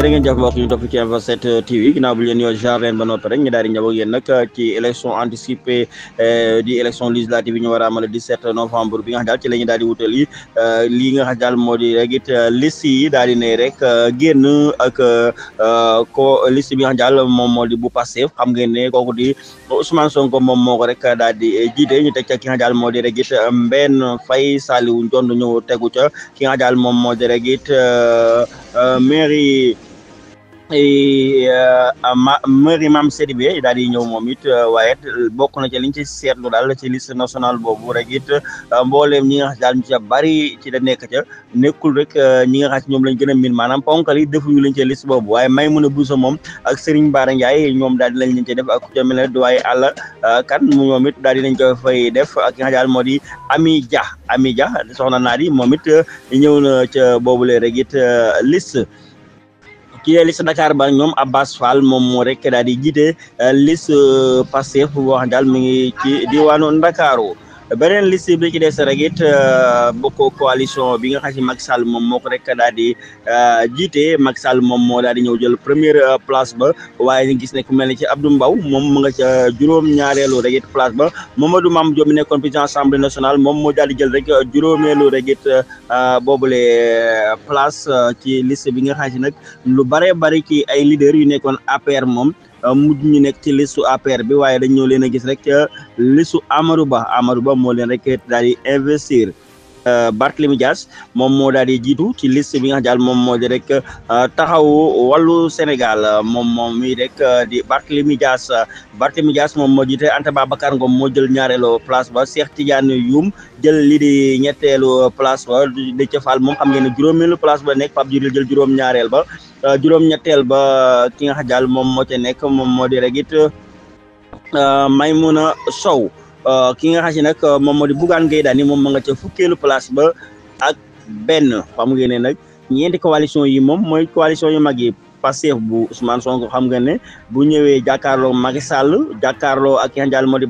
jërë ngeen jëf mbokk ñu topp ci M27 TV ginnaaw bu leen yoo ba noppi rek ñu daal di ñëw ak ci élection anticipée euh, di élection législative yi ñu war novembre bi nga xam daal ci la ñu daal di wutali euh, lii nga xam daal moo di rek it euh, liste yi daal di ne rek génn ak ko lissi bi nga xam moom moo di bu Pastef xam ngeen ne kooku di Ousmane Sonko moom moo ko rek daal di jiite ñu teg ca ki nga xam daal moo di rek it Mbène Faye Saliou tegu ca ki nga xam daal moom moo di rek it mairie Euh, ma mari Mame Sidibé daal di ñëw moom it euh, waaye euh, bokk na ci liñ ci seetlu daal ci list national boobu rek it mbooleem ñi nga xam daal ñu bari ci da nekk ca nekkul rek ñi nga xam ñoom lañ gën a miin maanaam ponkal yi defuñu lañ ca liste boobu waaye a Bousso moom ak Serigne Bara Ndiaye ñoom daal di lañ leen ca def ak ku ca mel ne Duwaye Alla Kane ñoom it daal di lañ ko fay def ak ki nga xam moo di Ami Dia Ami ja soxna naa moom it ñëw na ca boobule rek it liste kii la liste Dakar ñoom Abbas Fall moom moo rek daal di jiite eh, liste eh, Pastef boo xam daal mi ngi ci diwaanu Ndakaaru beneen liste bi ci des rek it euh, bokk coalition bi nga xam si Macky Sall moom moo ko rek daal di euh, jiite Macky Sall moom moo daal di ñëw jël première euh, place ba waaye ñu gis ne ku mel ni ci Abdou Mbow moom mu nga ca juróom-ñaareelu rek it place ba Mamadou Mame Diop mi nekkoon président assemblée nationale moom moo daal jël rek juróomeelu rek it boobule place ci liste bi nga xam si nag lu bare bari ci ay leader yu nekkoon APR moom. Euh, mujj ñu nekk ci lissu APR bi waaye dañ ñoo leen a gis rek euh, lissu amaru Ba Amadou Ba moo leen rek daal investir Euh, Barthélemy Dias moom moo daal di jiitu ci list bi nga xam moom moo di rek euh, taxawu wallu Sénégal euh, moom moom mi rek di Barthélemy Dias Barthélemy Dias moom moo jiite Anta Babacar Ngom moo jël ñaareelu place ba Cheikh Tidiane Youm jël lii di ñetteelu place ba Déthié Fall moom xam ngeen ne juróomeelu place ba nekk Pape Djibril jël juróom ñaareel ba juróom-ñetteel ba ki nga jaal moom moo ca nekk moom moo di rek it Maymouna Sow Euh, ki nga xam si nag euh, moom moo di Bougane Gueye moom ma nga ca fukkeelu place ba ak benn xam ngeen ne nag ñeenti coalition yi moom mooy coalition yu mag yi Pastef bu Ousmane Sonko xam nga ne bu ñëwee jàkkaarloo Macky Sall jàkkaarloo ak ki nga xam moo di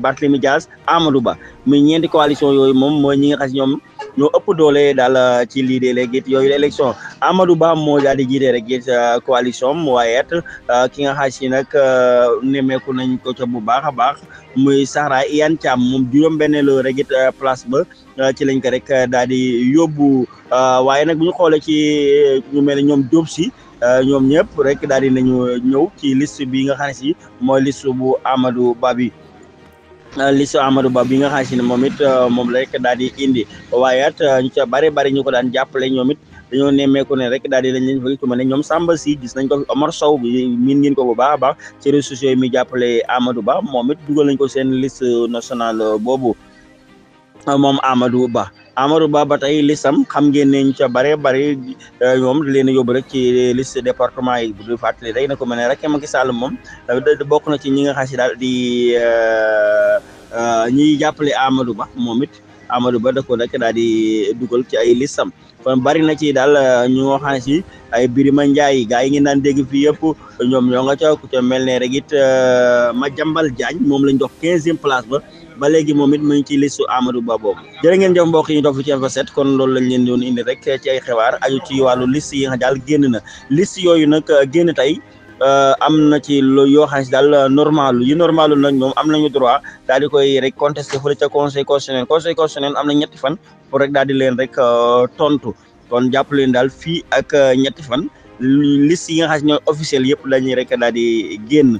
Ba muy ñeenti coalition yooyu moom mooy ñi nga ñoom ñoo ëpp doole daal uh, ci lii de léegi yooyu la élection Amadou Ba moo daal di jiite rek it uh, coalition am waaye it uh, ki nga xaaj si nag nemmeeku nañ ko bu baax a baax muy Sahara Iyane Thiam moom juróom-benneelu rek it place ba ci lañ ko rek daal di yóbbu waaye nag bu ñu xoolee ci ñu mel ne ñoom Diop si. ñoom ñëpp rek daal di nañu ñëw ci list bi nga xam ne si mooy list bu amadu Ba bi Euh, liste Amadou Ba bi nga xam si ne moom it euh, moom la daal di indi waaye at euh, ñu ca bari ñu ko daan jàppale ñoom it dañoo nemmeeku ne rek daal di lañ leen fa ku mel ne ñoom Samba si gis nañ ko Omar Sow bi miin ko bu baax baax ci réseaux sociaux yi muy jàppale Amadou Ba moom it dugal nañ ko seen liste nationale boobu moom Amadou Ba. Amadou Ba ba tey listam xam ngeen ne ñu ca bare bare euh, ñoom leen yóbbu rek ci liste département yi bu dul fàttali rek na ko mel ne rek Macky Sall moom bokk na ci ñi nga xam si daal di euh, euh, ñiy jàppale Amadou Ba moom Amadou Ba da ko rek daal di dugal ci ay listam kon bari na ci daal euh, ñu nga xam ne si ay Birima Ndiaye gaa yi ngi naan dégg fii yëpp ñoom ñoo nga ca ku ca mel ne rek it euh, Madiambal Diagne moom lañ jox quinzième place ba ba léegi moom it mu ngi ci listu Amadou Ba boobu jërë ngeen jëf mbokk yi ñu topp ci Info 7 kon loolu lañ leen doon indi rek ci ay xibaar aju ci wàllu liste yi nga daal génn na liste yooyu nag euh, génn tey Euh, am na ci lu yoo xam si daal euh, normal yi normalu nañ moom am nañu droit daal di koy rek contesté fële ca conseil constitutionnel conseil constitutionnel am na ñetti fan pour rek daal di leen rek euh, tontu kon jàpp leen daal fii ak ñetti fan liste yi nga xas si ñooy officiel yëpp dañuy rek daal di génn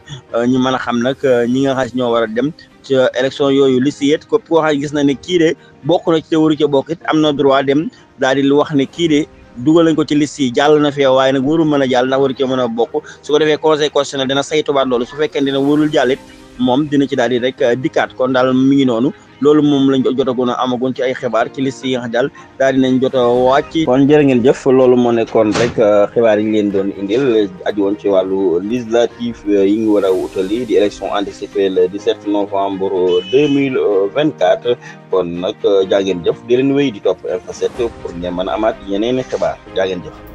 ñu mën a xam nag ñi nga xas ñoo war a dem ci élection yooyu liste yëpp ko koo xam gis na ne kii de bokk na ci te waru ca bokk it am na droit dem daal di wax ne kii de. dugal nañ ko ci liste yi jàll na fee waaye nag warul mën a jàll ndax waru cee mën a bokk su ko defee conseil constitutionnel dina saytuwaat loolu su fekkee dina warul jàllit moom dina ci daal di rek dikkaat kon daal mi ngi noonu loolu moom lañ jotagoon a amagoon ci ay xibaar ci yi nga xam daal daal dinañ jot a wàcc kon jërë ngeen jëf loolu moo nekkoon rek euh, xibaar yi leen doon indil aju woon ci wàllu législative euh, yi ngi war a wutali di élection anticipée le 17 novembre 2024 kon nag euh, jaa ngeen jëf di leen wéy di topp Info 7 pour ngeen mën a amaat yeneen xibaar jaa ngeen